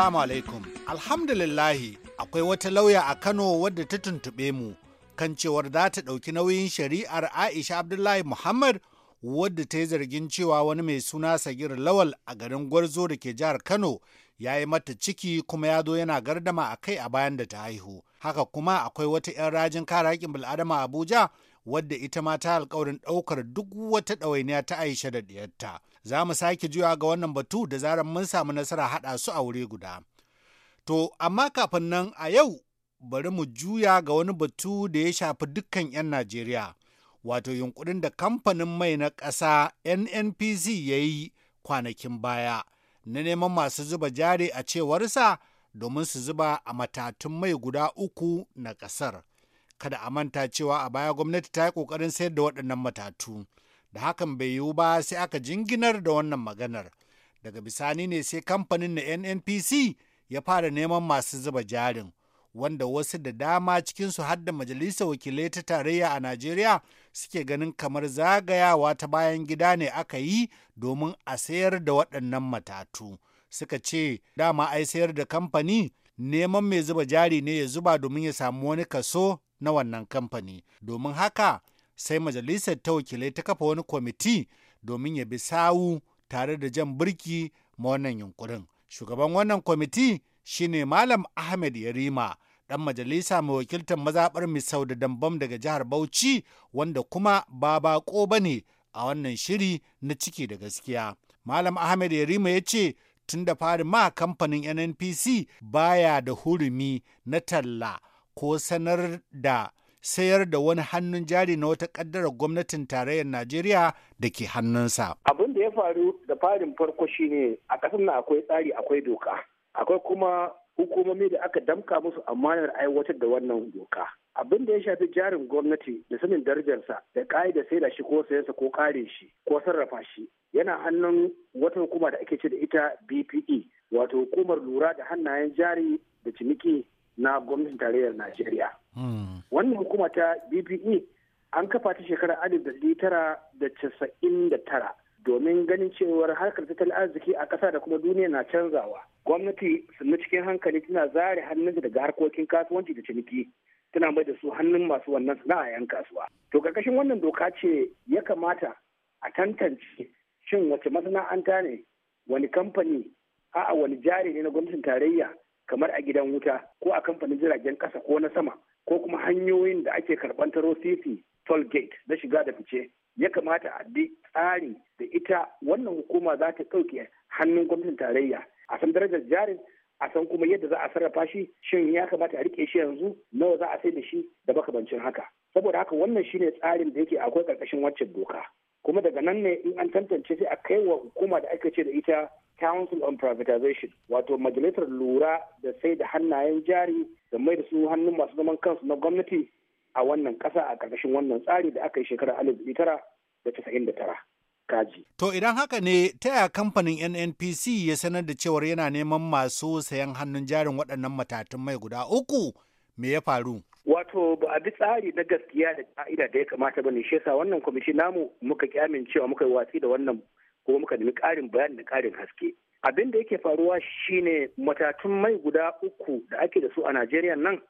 Assalamu alaikum. Alhamdulillahi akwai wata lauya a Kano wadda ta tuntube mu kan cewar za ta ɗauki nauyin shari'ar Aisha Abdullahi Muhammad wadda ta yi zargin cewa wani mai suna Sagir Lawal a garin Gwarzo da ke jihar Kano ya yi mata ciki kuma ya zo yana gardama a kai a bayan da ta haihu. Haka kuma akwai wata 'yan rajin kare haƙƙin bil'adama Abuja wadda ita ma ta alƙawarin ɗaukar duk wata ɗawainiya ta Aisha da ɗiyarta. za mu sake juya ga wannan batu da zarar mun samu nasara haɗa su a wuri guda. To, amma kafin nan a yau bari mu juya ga wani batu da ya shafi dukkan 'yan Najeriya, wato yunkurin da kamfanin mai na ƙasa NNPC ya yi kwanakin baya na neman masu zuba jari a cewarsa domin su zuba a matatun mai guda uku na ƙasar. Kada a manta cewa a baya gwamnati ta yi ƙoƙarin sayar da waɗannan matatu. da hakan bai yiwu ba sai aka jinginar da wannan maganar daga bisani ne sai kamfanin na nnpc ya fara neman masu zuba jarin wanda wasu da dama cikinsu har da majalisar wakilai ta tarayya a najeriya suke ganin kamar zagayawa ta bayan gida ne aka yi domin a sayar da waɗannan matatu suka ce dama ai sayar da kamfani neman mai zuba jari ne ya zuba domin ya samu wani kaso na wannan kamfani domin haka sai majalisar ta wakilai ta kafa wani kwamiti domin ya bi sawu tare da jan birki ma wannan yunkurin shugaban wannan kwamiti shine malam ahmed yarima dan majalisa mai wakiltar mazaɓar misau da dambam daga jihar bauchi wanda kuma ba bako ba ne a wannan shiri na ciki da gaskiya malam ahmed yarima ya ce tun da fari ma kamfanin nnpc baya da hurumi na talla ko sanar da sayar da wani hannun jari na wata kaddarar gwamnatin tarayyar Najeriya da ke hannunsa. Abin da ya faru da farin farko ne a ƙasar nan akwai tsari akwai doka. Akwai kuma hukumomi da aka damka musu amanar aiwatar da wannan doka. Abin da ya shafi jarin gwamnati da sanin darajarsa da ƙa'ida sai da shi ko sayansa ko kare shi ko sarrafa shi yana hannun wata hukuma da ake ce da ita BPE wato hukumar lura da hannayen jari da ciniki na gwamnatin tarayyar Najeriya. wannan hukuma ta bpe an kafa ta shekarar alif da tara da casa'in da tara domin ganin cewar harkar tattalin arziki a ƙasa da kuma duniya na canzawa gwamnati na cikin hankali tana zare hannunta daga harkokin kasuwanci da ciniki tana mai da su hannun masu wannan sana'a 'yan kasuwa to karkashin wannan doka ce ya kamata a tantance shin wace masana'anta ne wani kamfani a'a wani jari ne na gwamnatin tarayya kamar a gidan wuta ko a kamfanin jiragen kasa ko na sama ko kuma hanyoyin da ake karɓar taro sisi toll gate na shiga da fice ya kamata a bi tsari da ita wannan hukuma za ta ɗauke hannun gwamnatin tarayya a san darajar jarin a san kuma yadda za a sarrafa shi shin ya kamata a rike shi yanzu nawa za a sai da shi da makabancin haka saboda haka wannan shine tsarin da yake akwai karkashin waccan doka kuma daga nan ne in an tantance sai a kai wa hukuma da aka ce da ita council on privatization wato majalisar lura da sai da hannayen jari da mai da su hannun masu zaman kansu na gwamnati a wannan kasa a ƙarƙashin wannan tsari da aka yi shekarar alif tara da casa'in da tara. Kaji. To idan haka ne ta yaya kamfanin NNPC ya sanar da cewar yana neman masu sayan hannun jarin waɗannan matatun mai guda uku me ya faru? Wato ba a bi tsari na gaskiya da ka'ida da ya kamata ba ne shi yasa wannan kwamishin namu muka kyamin cewa muka yi watsi da wannan kuma muka nemi ƙarin bayani da ƙarin haske. abin da yake faruwa shine matatun mai guda uku da ake da su a najeriya nan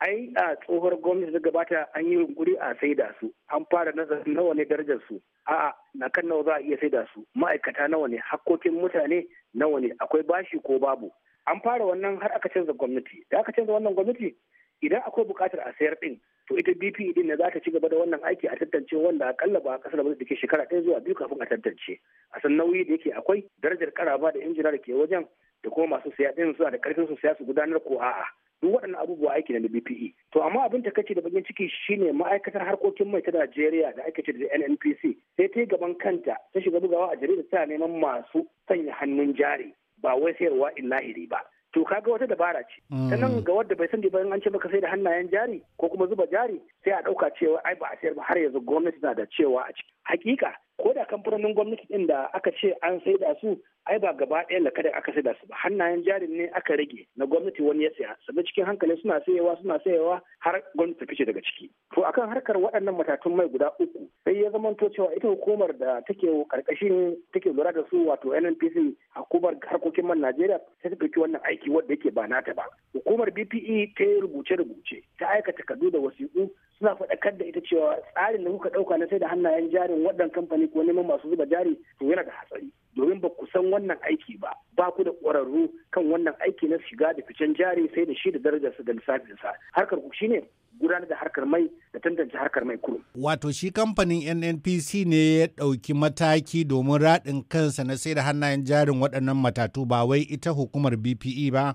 ai a tsohuwar gwamnati da gabata an yi yunkuri a saida su an fara nazarin nawa ne darajar su a'a na kan nawa za a iya da su ma'aikata nawa ne hakkokin mutane nawa ne akwai bashi ko babu an fara wannan har aka canza gwamnati da aka canza wannan gwamnati idan akwai bukatar a sayar din to ita bp e din ne za ta ci gaba da wannan aiki a tantance wanda akalla ba a kasar ba da ke shekara ɗaya zuwa biyu kafin a tantance a san nauyi da yake akwai darajar karaba da injina da ke wajen da kuma masu siya ɗin suna da ƙarfin su siya su gudanar ko a'a duk waɗannan abubuwa aiki na BPE. To amma abin ta kace da bakin ciki shine ma'aikatar harkokin mai ta Najeriya da ake ce da NNPC sai ta yi gaban kanta ta shiga bugawa a jaridar tana neman masu sanya hannun jari ba wai sayarwa in lahiri ba. to kaga wata dabara ce sannan mm. ga wadda bai sani ba an ce maka sai da hannayen jari ko kuma zuba jari sai a dauka cewa ai ba a sayar ba har yanzu gwamnati na da cewa a ciki hakika ko da kamfanonin gwamnati ɗin da aka ce an sai da su ai ba gaba ɗaya da kada aka da su ba hannayen jarin ne aka rage na gwamnati wani ya saya sannan cikin hankali suna sayewa suna sayewa har gwamnati fice daga ciki to akan harkar waɗannan matatun mai guda uku sai ya to cewa ita hukumar da take karkashin take lura da su wato NNPC hukumar harkokin man Najeriya sai ta ɗauki wannan aiki wanda yake ba nata ba hukumar BPE ta yi rubuce-rubuce ta aika takardu da wasiƙu suna faɗakar da ita cewa tsarin da kuka ɗauka na sai da hannayen jarin waɗannan kamfani jari ko neman masu zuba jari to yana da hatsari domin ba ku san wannan aiki ba ba ku da ƙwararru kan wannan aiki na shiga da ficen jari sai da shi da darajarsa da sa harkar ku shine gudanar da harkar mai da tantance harkar mai kurum. Wato shi kamfanin NNPC ne ya ɗauki mataki domin raɗin kansa na sai da hannayen jarin waɗannan matatu ba wai ita hukumar BPE ba?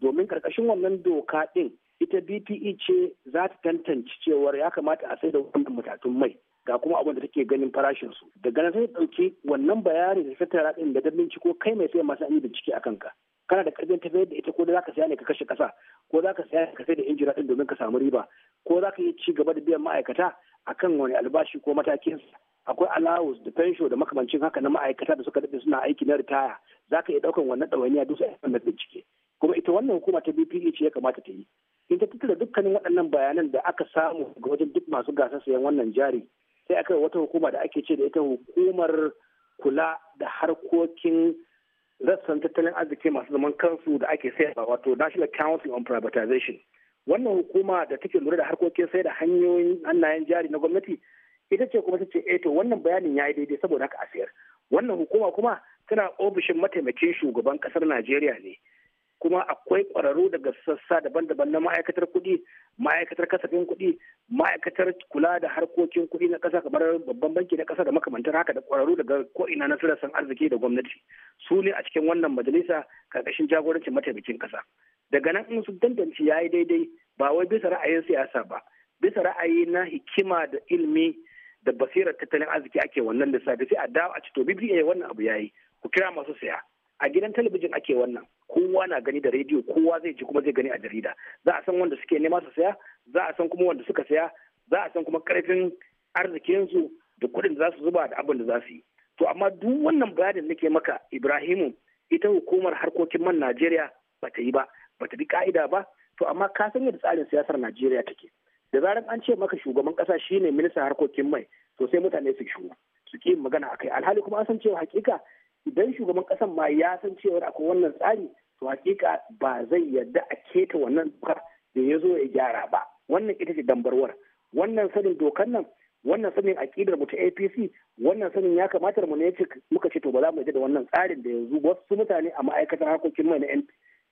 domin karkashin wannan doka ɗin ita BPE ce za ta tantance cewar ya kamata a sai da wannan matatun mai. ga kuma abin da take ganin farashin su daga nan sai dauki wannan bayani da tattara din da dabbin ko kai mai sai masu an bincike a kanka kana da karfin tafiyar da ita ko da zaka saya ne ka kashe kasa ko zaka saya ka sai da injira din domin ka samu riba ko zaka yi ci gaba da biyan ma'aikata akan wani albashi ko matakin akwai allowance da fensho da makamancin haka na ma'aikata da suka daɗe suna aiki na ritaya zaka iya ɗaukan wannan ɗawainiya duk sai na bincike kuma ita wannan hukuma ta BPE ce ya kamata ta yi in ta tattara dukkanin waɗannan bayanan da aka samu ga wajen duk masu gasar sayan wannan jari sai aka wata hukuma da ake ce da ita hukumar kula da harkokin rassan tattalin arziki masu zaman kansu da ake ba. wato national council on privatization wannan hukuma da take lura da harkokin sai da hanyoyin hannayen jari na gwamnati ita ce kuma ta ce eto eh, wannan bayanin ya yi daidai saboda haka a sayar wannan hukuma kuma tana ofishin mataimakin shugaban kasar najeriya ne kuma akwai ƙwararru daga sassa daban-daban na ma'aikatar kuɗi ma'aikatar kasafin kuɗi ma'aikatar kula da harkokin kuɗi na ƙasa kamar babban banki na ƙasa da makamantar haka da ƙwararru daga ko'ina na sirasan arziki da gwamnati su ne a cikin wannan majalisa karkashin jagorancin mataimakin ƙasa daga nan in su dandance ya yi daidai ba wai bisa ra'ayin siyasa ba bisa ra'ayi na hikima da ilimi da basirar tattalin arziki ake wannan lissafi sai a dawo a ci to bibiya wannan abu ya yi. ku kira masu saya a gidan talabijin ake wannan kowa na gani da rediyo kowa zai ji kuma zai gani a jarida za a san wanda suke nema su saya za a san kuma wanda suka saya za a san kuma karfin arzikinsu da kuɗin da za su zuba da abin da za su yi to amma duk wannan bayanin nake maka ibrahimu ita hukumar harkokin man najeriya ba ta yi ba ba ta bi ka'ida ba to amma ka san yadda tsarin siyasar najeriya take da zaran an ce maka shugaban kasa shine ministan harkokin mai to sai mutane su shigo su ki magana akai alhali kuma an san cewa hakika idan shugaban kasan ma ya san cewar akwai wannan tsari to hakika ba zai yarda a keta wannan doka da ya zo ya gyara ba wannan ita ce dambarwar wannan sanin dokan nan wannan sanin akidar mu ta APC wannan sanin ya kamata mu ne muka ce to ba za mu yarda da wannan tsarin da yanzu wasu mutane a ma'aikatan harkokin mai na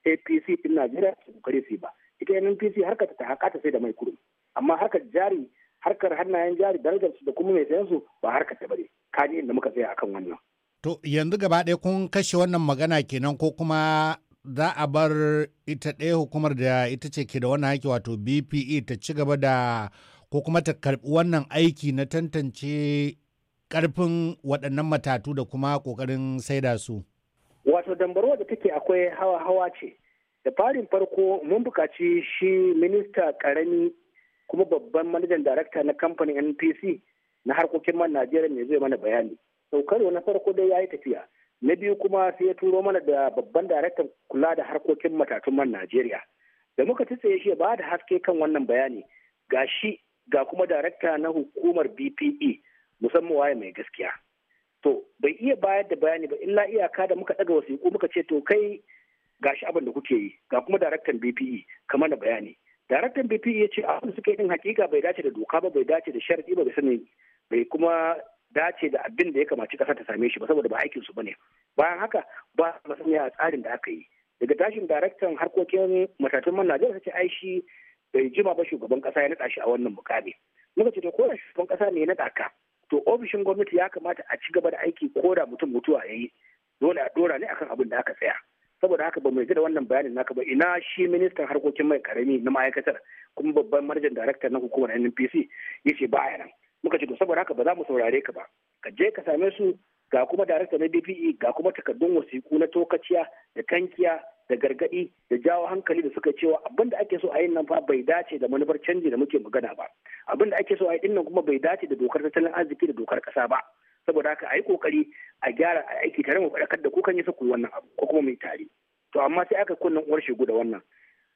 APC din Najeriya su kare su ba ita NPC harkar ta haƙa ta sai da mai kurum amma harkar jari harkar hannayen jari darajar su da kuma mai sayan su ba harkar ta ka kaji inda muka tsaya akan wannan To yanzu gaba ɗaya kun kashe wannan magana kenan ko kuma za a bar ita ɗaya hukumar da ita ce ke da wannan aiki wato BPE ta ci gaba da ko kuma ta karbi wannan aiki na tantance ƙarfin waɗannan matatu da kuma ƙoƙarin saida su. Wato dambarwa da take akwai hawa-hawa ce. Da farin farko mun buƙaci shi minista ƙarami kuma babban manajan darakta na kamfanin NPC na harkokin man Najeriya mai zai mana bayani. saukar na farko dai ya yi tafiya na biyu kuma sai ya turo mana da babban daraktan kula da harkokin matatun man najeriya da muka ya shi ba da haske kan wannan bayani ga shi ga kuma darakta na hukumar bpe musamman waye mai gaskiya to bai iya bayar da bayani ba illa iyaka da muka daga wasiƙu muka ce to kai gashi abin da kuke yi ga kuma daraktan bpe kamar da bayani daraktan bpe ya ce abin suke yin hakika bai dace da doka ba bai dace da sharadi ba bai sani bai kuma dace da abin da ya kamaci kasar ta same shi ba saboda ba aikinsu ba ne bayan haka ba masaniya a tsarin da aka yi daga tashin daraktan harkokin matatun man najeriya ta ce ai shi bai jima ba shugaban kasa ya naɗa shi a wannan mukami muka ce to ko shugaban kasa ne ya naɗa ka to ofishin gwamnati ya kamata a ci gaba da aiki ko da mutum mutuwa ya yi dole a dora ne akan abin da aka tsaya saboda haka ba mu yarda da wannan bayanin naka ba ina shi ministan harkokin mai karami na ma'aikatar kuma babban manajan daraktan na hukumar NNPC yace ya nan muka ce to saboda haka ba za mu saurare ka ba ka je ka same su ga kuma darakta na DPE ga kuma takardun wasiku na tokaciya da tankiya da gargadi da jawo hankali da suka cewa abin da ake so a yin nan fa bai dace da manufar canji da muke magana ba abin da ake so a yi nan kuma bai dace da dokar tattalin arziki da dokar kasa ba saboda haka a yi kokari a gyara a aiki tare mu faɗakar da kukan yasa ku wannan abu ko kuma mai tare to amma sai aka kunnen uwar shegu da wannan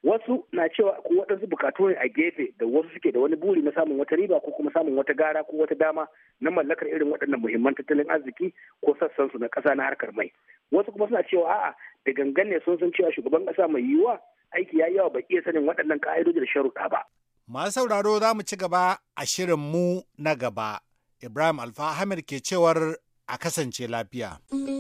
wasu na cewa ko waɗansu bukatu ne a gefe da wasu suke da wani buri na samun wata riba ko kuma samun wata gara ko wata dama na mallakar irin waɗannan muhimman tattalin arziki ko sassansu na ƙasa na harkar mai wasu kuma suna cewa a'a da gangan ne sun san cewa shugaban ƙasa mai yiwuwa aiki ya yawa ba iya sanin waɗannan ka'idoji da sharuɗa ba. masu sauraro za mu ci gaba a shirin mu na gaba ibrahim alfa ke cewar a kasance lafiya.